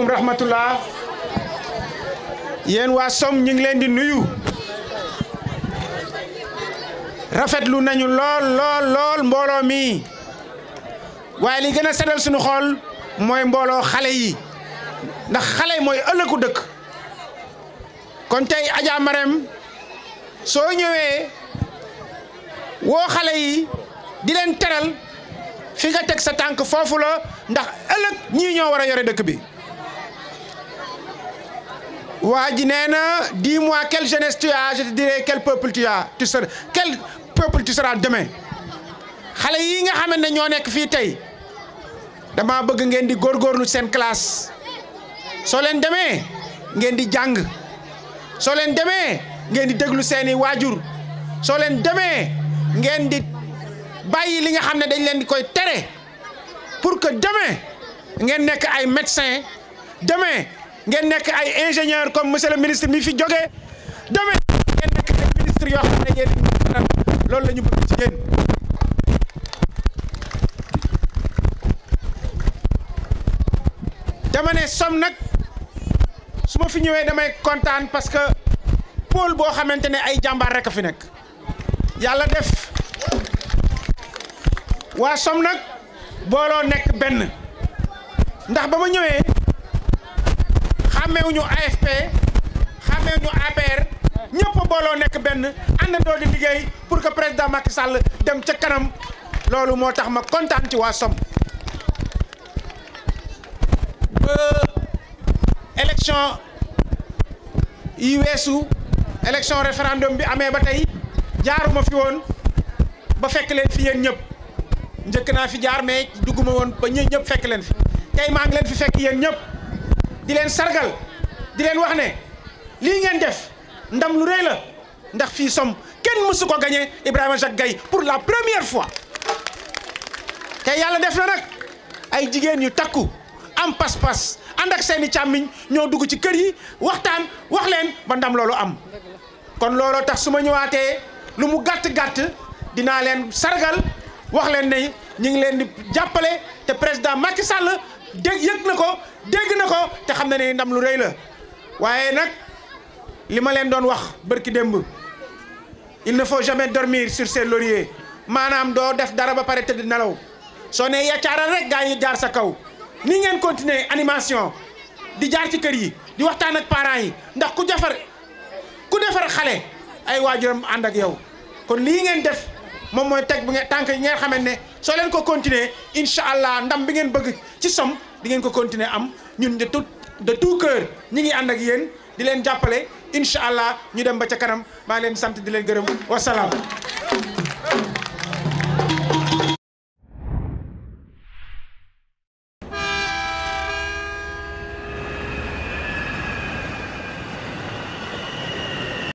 aleykum rahmatullah yéen waa som ñu ngi leen di nuyu rafetlu nañu lool lool lool mbooloo mi waaye li gën a seddal suñu xool mooy mbooloo xale yi ndax xale yi mooy ëllëgu dëkk kon tey Adja Marème soo ñëwee woo xale yi di leen teral fi nga teg sa tànk foofu la ndax ëllëg ñii ñoo war a yore dëkk bi waa ji nee na dis-moi quelle jeunesse tu as je te dirai quel peuple tu xale yii nga xamante ne ñoo nekk fii tey dama bëgg ngeen di góorgóorlu seen classe soo leen demee ngeen di jàng soo leen demee ngeen di déglu seeni waajur soo leen demee ngeen di bàyyi li nga xam ne dañ leen di koy tere pour que demain ngeen nekk ay médecin demain ngeen nekk ay ingénieur comme monsieur le ministre mi fi jógee domaine loolu la ñu dama ne som nag su ma fi ñëwee damay kontaan parce que pôle boo xamante ne ay jàmbaar rek a fi nekk yàlla def waa som nag booloo nekk benn ndax ba ma ñëwee xàmmewuñu AFP xàmmewuñu APR ñëpp booloo nekk benn àndandoo di liggéey pour que président Macky sàll dem ca kanam loolu moo tax ma kontaan ci waa Somm ba élection yi weesu élection référendum bi amee ba tey jaaruma fi woon ba fekk leen fi yéen ñëpp njëkk naa fi jaar mais dugguma woon ba ñë ñëpp fekk leen fi tey maa ngi leen fi fekk yéen ñëpp di leen sargal di leen wax ne lii ngeen def ndam lu rëy la ndax fii som kenn mësu ko gagné Ibrahima Jacques gay pour la première fois te yàlla def na nag ay jigéen yu takku am pas-pas ànd ak seeni càmmiñ ñoo dugg ci kër yi waxtaan wax leen ba ndam loolu am kon looloo tax su ma ñëwaatee lu mu gàtt-gàtt dinaa leen sargal wax leen ne ñu ngi leen di jàppale te président Macky sàll dégg yëg na ko dégg na ko te xam na ne ndam lu rëy la waaye nag li ma leen doon wax bërki démb il ne foo jamais dormir sur ses lauriers maanaam doo def dara ba pare tëdd nelaw soo nee yaccaaral rek gaa ñi jaar sa kaw nii ngeen continuer animation di jaar ci kër yi di waxtaan ak parents yi ndax ku jafar ku defar xale ay waajuram ànd ak yow kon lii ngeen def moom mooy teg bi nga tànk yi ngeen xamante ne soo leen ko continuer incha allah ndam bi ngeen bëgg ci som di ngeen ko continuer am ñun de tout de tout cœur ñi ngi ànd ak yéen di leen jàppale incha allah ñu dem ba ca kanam maa leen sant di leen gërëm wasalaam.